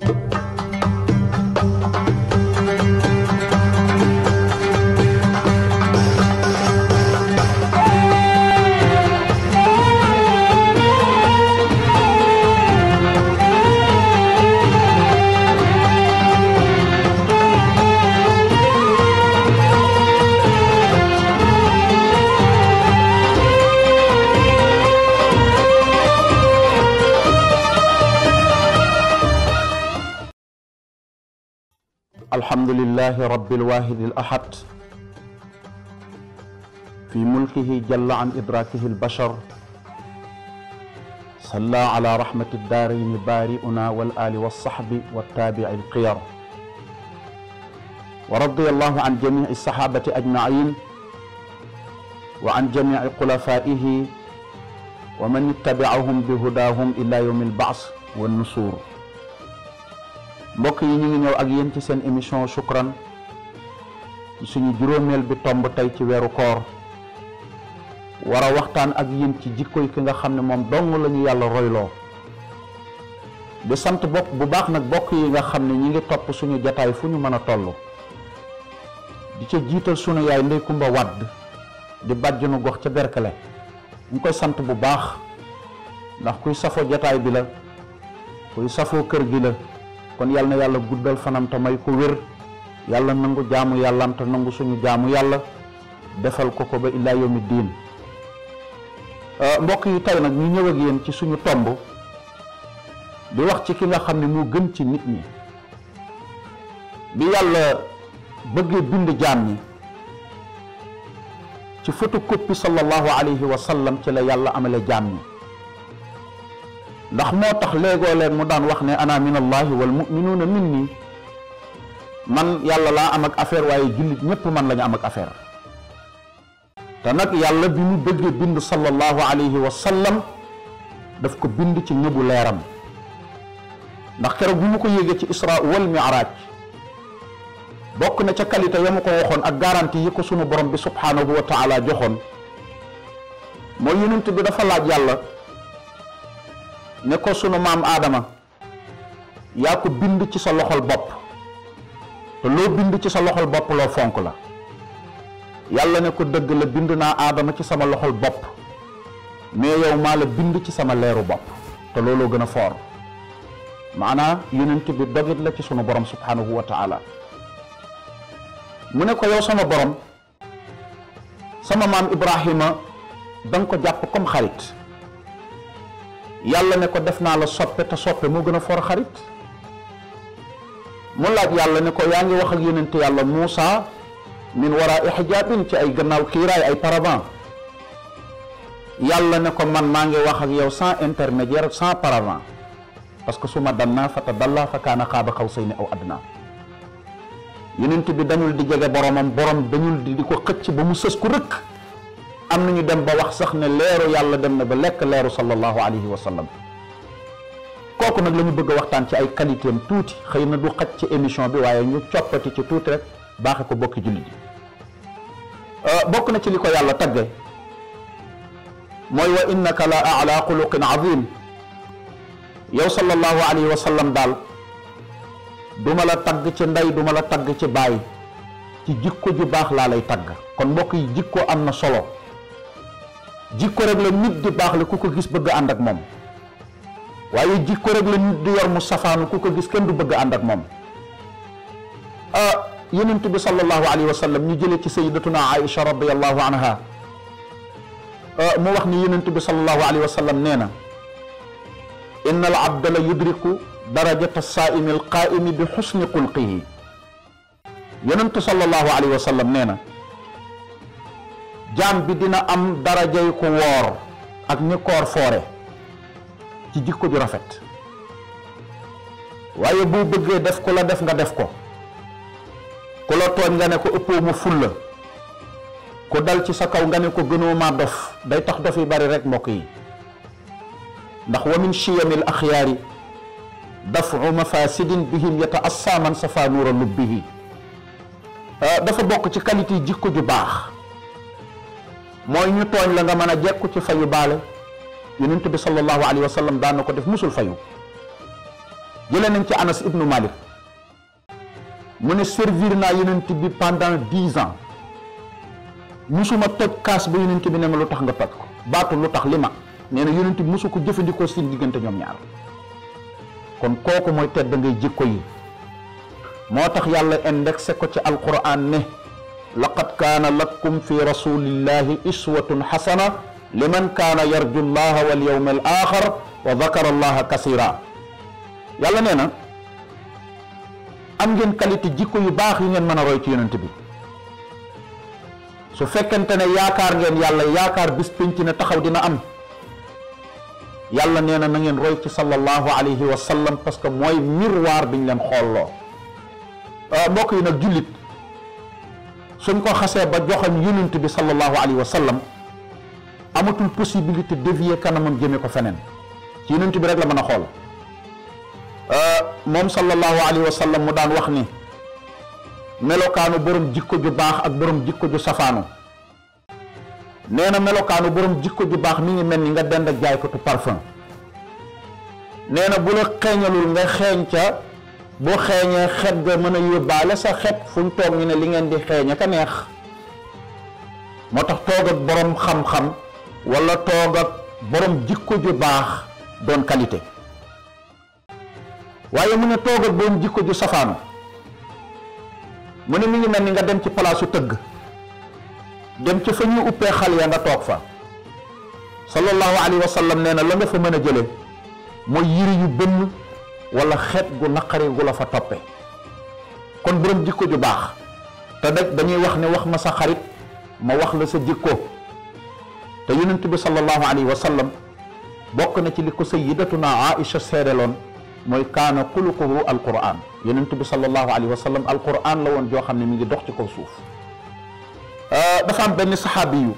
thank you alhamdulillahi rabbil waahidil ahad fi mulkihi jalla an idrakihi albashar salla ala rahmati daarayni baari'una wal aali wassaxbi wattaabici alxiyar wa radiyallahu an jamici saxaabati ajmacin wa an jamici xulafaa'ihi wa man ittabicahum bihudaahum ila yawmi albaas wannusuur mbokk yi ñu ngi ñëw ak yéen ci seen émission Shukran suñu juróomeel bi tomb tey ci weeru koor war a waxtaan ak yéen ci jikkoy ki nga xam ne moom dong lañu yàlla royloo di sant bokk bu baax nag bokk yi nga xam ne ñu ngi topp suñu jataay fu ñu mën a toll di ca jiital sunu yaay Ndey Kumba Wadd di bàjjunu gox ca Berkele ñu koy sant bu baax ndax kuy safoo jataay bi la kuy safoo kër gi la kon yàlla na yàlla guddal fanam te may ko wér yàlla nangu jaamu yàllaam nangu suñu jaamu yàlla defal ko ko ba illaa yawmi euh, mbokk yi tey nag ñu ñëw ci suñu tomb di wax ci ki nga xam ni moo gën ci nit ñi bi yàlla bëggee bind jaam ñi ci photocopie sallallahu alayhi wa sallam ci la yàlla amale jaam ñi ndax moo tax léegoo leen mu daan wax ne ana min allahi wa muminuuna yàlla laa am ak affaire waaye jullit ñépp man lañu am ak affaire te nag yàlla bi mu bëggee bind sallallahu alayhi wa sallam daf ko bind ci ñëbu leeram ndax keroog bi mu ko yéegee ci isra wal miraaj bokk na ca qualité ya mu ko waxoon ak garantie yi ko sunu borom bi subhaanahu wa taala joxoon mooy yonent bi dafa laaj yàlla ne ko sunu maam aadama yaa ko bind ci sa loxol bopp te loo bind ci sa loxol bopp loo fonk la yàlla ne ko dëgg la bind naa aadama ci sama loxol bopp mais yow maa la bind ci sama leeru bopp te looloo gën a foor maanaa yonent bi dogit la ci sunu borom subhanahu wa taala mu ne ko yow sama borom sama maam Ibrahima da ko jàpp comme xarit yàlla ne ko def naa la soppe te soppe moo gën a for xarit mu laaj yàlla ne ko yaa ngi wax ak yonente yàlla Muusa min waraa xijaabin ci ay gannaaw kiiraay ay paravent yàlla ne ko man maa ngi wax ak yow sans intermédiaire sans paravent parce que su ma dannaa fa tadalla fa kaana xaaba xawsayni aw adnaa yonent bi dañul di jege boromam borom dañul di di ko xëcc ba mu sës ku rëkk am na ñu dem ba wax sax ne leeru yàlla dem na ba lekk leeru sallallahu alayhi wa kooku nag la ñu bëgg a waxtaan ci ay qualité am tuuti xëy na du xaj ci émission bi waaye ñu coppati ci tuuti rek baaxe ko bokki jullit yi euh, bokk na ci li ko yàlla tagge mooy wa innaka la ala xuluqin azim yow sallallahu alayhi wa sallam daal duma la tagg ci ndey duma la tagg ci baay ci jikko ju baax laa lay tagg kon mbokk yi ko am na solo jikko rek la nit di baax la ku ko gis bëgg ànd ak moom waaye jikko rek la nit di yor mu safaanu ku ko gis kenn du bëgg ànd ak moom ah, yonent bi sallallahu alayhi wa sallam ñu jëlee ci sayidatuna Aïcha radiallahu anha ah, mu wax ni yonent bi sallallahu alayhi wa sallam nee na inna al abda la yudriku darajata saaimi alqaaimi bi xusni xulqihi yonent sallallahu alayhi wa sallam nee na jaam bi dina am darajay ku woor ak ñi koor foore ci jikko ju rafet waaye boo bëggee def ku la def nga def ko ku la tooñ nga ne ko ëppoo ma fulla ku dal ci sa kaw nga ne ko gënoo maa dof day tax dof yi bari rek mbokk yi ndax wa min chiyamil axyaari dafu mafasidin bihim yataassa man safa nuura lubbihi ah, dafa bokk ci qualité jikko ju baax mooy ñu tooñ la nga mën a jekku ci fayu baale yonent bi sallallahu alayhi wa sallam daan na ko def musul fayu jële nañ ci anas ibnu malik mu ne servir naa yeneen yonent bi pendant dix ans ma toj kaas ba yonent bi ne ma lu tax nga toj ko baatu lu tax li ma nee na yonent bi musu ko jëfandikoo seen diggante ñoom ñaar kon kooku mooy tedd ngay jikko yi moo tax yàlla indexé ko ci alquran ne laqad kaana lakum fi rasulillahi iswatun xasana liman kaana yarju llaha wal yawma al axar wa dakara allaha kasira yàlla nee na am ngeen qualité jikko yu baax yu ngeen mën a roy ci yonent bi su fekkente ne yaakaar ngeen yàlla yaakaar bis pénc ne taxaw dina am yàlla nee na na ngeen roy ci sallallahu alayhi wa sallam parce que mooy miroir biñ leen xoolloo euh, mbokk yi jullit suñ ko xasee ba joxoñ yonent bi sallallahu alayhi wa sallam amatul possibilité dévier kanamam jëme ko feneen ci yonent bi rek la mën a xool euh, moom sallallahu alayhi wa mu daan wax ni melokaanu borom jikko ju baax ak borom jikko ju safaanu nee na melokaanu borom jikko ju baax mi ngi mel ni nga dend ak jaaykatu parfum nee bu la xeeñalul nga xeeñ ca boo xeeñee xet ga mën a yóbbaale sa xet fu ñu toog ñu ne li ngeen di xeeñ ak a neex moo tax toog ak borom xam-xam wala toog ak jikko ju baax doon qualité waaye mu ne toog ak jikko ju safaanu mu ne mu ngi mel ni nga dem ci palaasu tëgg dem ci fa ñuy uppee xal ya nga toog fa sallallahu alayhi wa sallam nee na la nga fa mën a jële mooy yiri yu bënn wala xeet gu naqari gu la fa toppe kon borom jikko ju baax te nag dañuy wax ne wax ma saxarit xarit ma wax la sa jikko te yonent bi sallallahu alayhi wa sallam bokk na ci li ko sayyidatuna Aïcha seedeloon mooy kaana xuluquhu alquran yonent bi sallallahu alayhi wa sallam alquran la woon joo xam ne mi ngi dox ci kaw suuf euh, dafam am benn saxaabi yu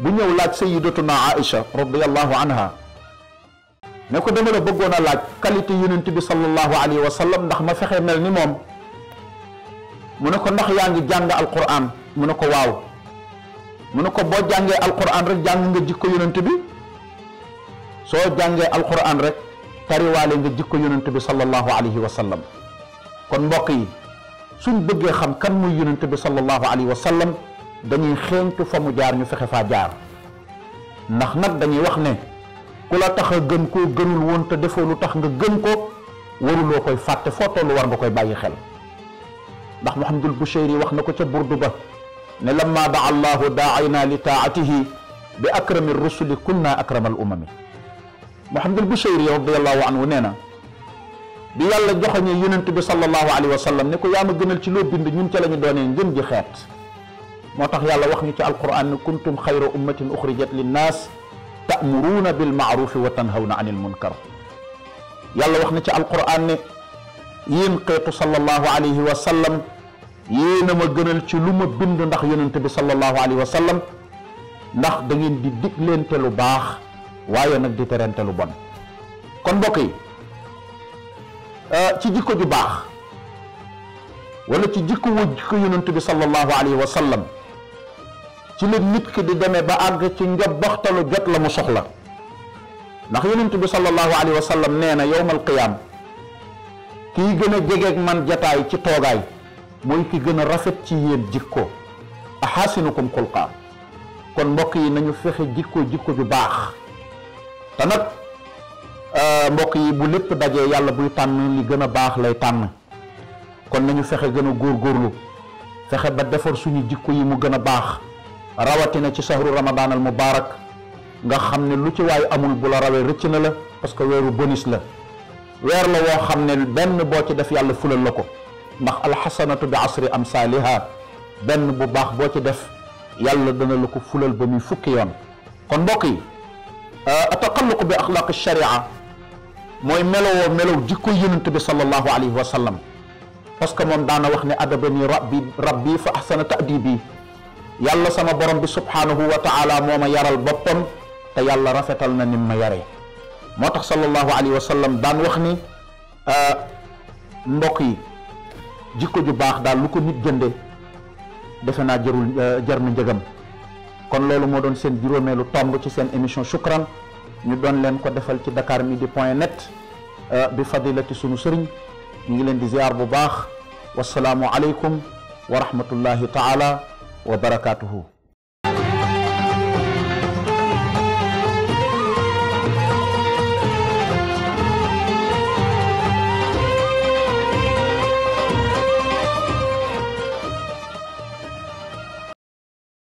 bu ñëw laaj sayyidatuna Aïcha radiyallahu anha ne ko dama la bëggoon a laaj qualité yonent bi sallallahu alayhi wa sallam ndax ma fexe mel ni moom mu ne ko ndax yaa ngi jàng alquran mu ne ko waaw mu ne ko boo jàngee alquran rek jàng nga jikko yonent bi soo jàngee al alquran rek tariwaale nga jikko yonent bi sallallahu alayhi wa sallam kon mbokk yi suñ bëggee xam kan muy yonent bi sallallahu alayhi wa sallam dañuy xeeñtu fa mu jaar ñu fexe faa jaar ndax nag dañuy wax ne ku la tax gën koo gën woon te defoo lu tax nga gën ko waruloo koy fàtte foo toll war nga koy bàyyi xel ndax Muhammadul Busheeri wax na ko ca burdu ba ne lamma daa allahu daaina li taatihi bi akrami na kunna akrama al umami Muhammadul Busheeri radiallahu anhu nee na bi yàlla joxoñee yonent bi sallallahu alayhi wa sallam ne ko yaa ma gënal ci loo bind ñun ca la ñu doonee ngën ji xeet moo tax yàlla wax ñu ci alquran ne kuntum xayra ummatin li linnaas ta'muruuna bil ma'ruufi wa tanhawna anil munkar yàlla wax na ci alquran ne yéen xeetu sallallahu alayhi wa sallam yéen a ma gënal ci lu ma bind ndax yonent bi sallallahu alayhi wa sallam ndax da ngeen di digleente lu baax waaye nag di terente lu bon kon mbokk yi ci jikko ju baax wala ci jikko wa jikko yonent bi sallallahu alayhi wa sallam ci la nit ki di demee ba àgg ci njobboxtalu jot la mu soxla ndax yonent bi sallallahu alayhi wa sallam nee na yowmal qiyaam kii gën a jegeeg man jataay ci toogaay mooy ki gën a rafet ci yéen jikko ahasinukum xulqaa kon mbokk yi nañu fexe jikko jikko ju baax te nag euh, mbokk yi bu lépp dajee yàlla buy tànn li gën a baax lay tànn kon nañu fexe gën a góor góorgóorlu fexe ba defar suñu jikko yi mu gën a baax rawatina ci sahru ramadan al mubarak nga xam ne lu ci waay amul bu la rawee na la parce que weeru bonus la weer la woo xam ne benn boo ci def yàlla fule la ko ndax alxasanatu bi asri amsaaliha benn bu baax boo ci def yàlla dana la ko fulal ba muy fukki yoon kon mbokk yi euh, ataqalluqu bi axlaaq sharia mooy melo melow jikko yonent bi sallallahu alayhi wa sallam parce que moom daana wax ne adabani rabbi rabbi fa ahsana ta'dibi yàlla sama borom bi subhaanahu wa taala moo ma yaral boppam te yàlla rafetal na ni ma yaree moo tax sallallahu alayhi wa sallam daan wax ni euh, mbokk yi jikko ju baax daal lu ko nit jënde defe naa jërul euh, jar na kon loolu moo doon seen juróomeelu tomb ci seen émission shukran ñu doon leen ko defal ci dakar midi point net euh, bi fadilati sunu sëriñ ñu ngi leen di ziar bu baax salaam aleykum wa rahmatullahi taala wa barakaatuhu